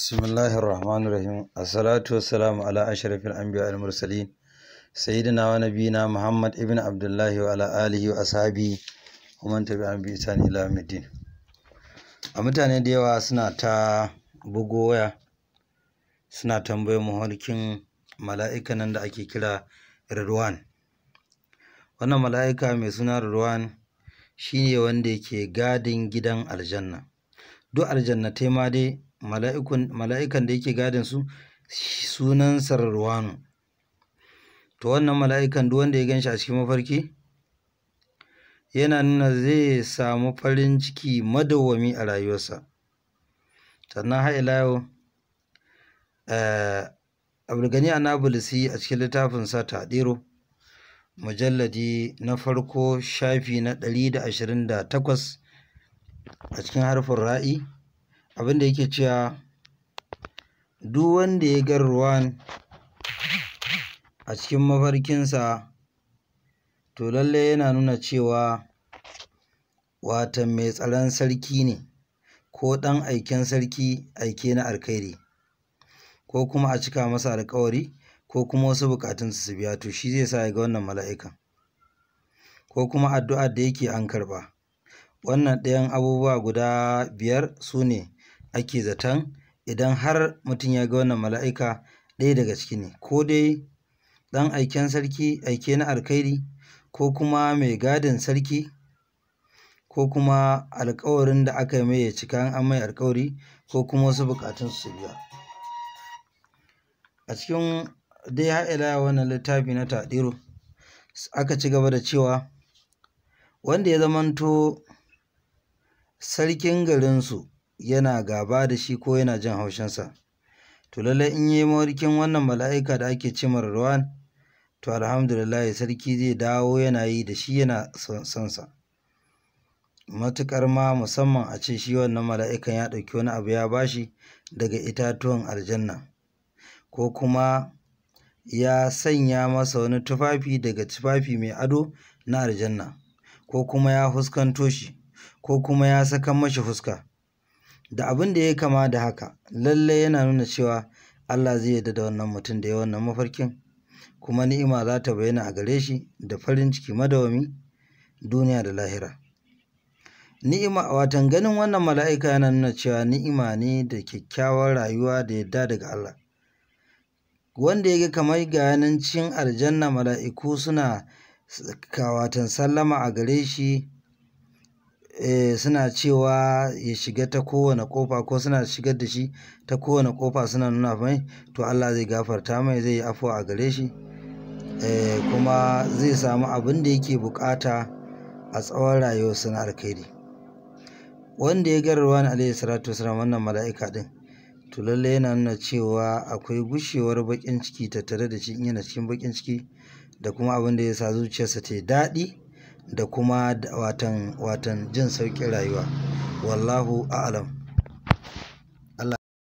bismillahir rahim assalatu wassalamu ashrafil anbiya al mursalin sayyidina wa abdullahi wa ala alihi wa a mutane da yawa suna ta bugo waya suna tambayar mahalikin mala'ika nan da ake kira Ridwan wannan mala'ika mai suna Ridwan shine wanda yake gadin gidan aljanna duk aljannatai ma dai mala'ikan da yake gadin su sunan Ruwanu to wannan mala'ikan duk wanda ya ganshi a cikin mafarki yana nuna zai samu farin ciki madawwami a rayuwarsa sannan har ila yau eh, a anabulisi a cikin littafin sa tadiro mujalladi na farko shafi na ɗari da ashirin da takwas a cikin harfin ra'i abin da yake cewa duk wanda ya ga ruwan a cikin mafarkinsa to lallai yana nuna cewa watan mai tsaron sarki ne ko ɗan aiken sarki aike na alkhairi ko kuma a cika masa alkawari ko kuma wasu bukatunsa su biya to shi zai sa ya ga wannan mala'ikan ko kuma addu'ar da yake an karɓa wannan ɗayan abubuwa guda biyar su ne ake zaton idan har mutum ya ga wannan mala'ika ɗaya daga ciki ne ko dai ɗan aiken sarki aike na alkhairi ko kuma mai gadin sarki ko kuma alkawarin da aka yi mai ya cika an mai alkawari ko kuma wasu bukatun su biya a cikin dai ha'ila wannan littafi na taɗiro aka ci gaba da cewa wanda ya zamanto sarkin garinsu yana gaba da shi ko yana jin haushinsa to lallai in yi mawarkin wannan mala'ika da ake ce ruwan to alhamdulillah sarki zai dawo yana yi da shi yana sonsa matuƙar ma musamman a ce shi wannan mala'ikan ya ɗauki wani abu ya bashi daga itatuwan aljanna ko kuma ya sanya masa wani tufafi daga tufafi mai ado na aljanna ko kuma ya fuskanto shi ko kuma ya saka mashi fuska da abin da ya kama da haka lallai yana nuna cewa Allah zai yarda da wannan mutum da ya wannan mafarkin kuma ni'ima za ta bayyana a gare shi da farin ciki madawami duniya da lahira ni'ima watan ganin wannan mala'ika yana nuna cewa ni'ima ne da kyakkyawar rayuwa da yadda daga Allah wanda ya ga kamar ga yanancin aljanna mala'iku suna kawatan sallama a gare shi Eh, suna cewa ya shiga ta kowane kofa ko suna shigar da shi ta kowane kofa suna nuna mai to Allah zai gafarta mai zai yi afuwa a gare shi eh, kuma zai samu abin da yake bukata a tsawon rayuwar suna alkhairi wanda ya gara ruwan alaihi salatu wasalam wannan mala'ika din to lallai yana nuna cewa akwai gushewar bakin ciki tattare da shi in yana cikin bakin ciki da kuma abin da ya sa zuciyarsa ta daɗi da kuma watan, jin sauƙin rayuwa wallahu a'alam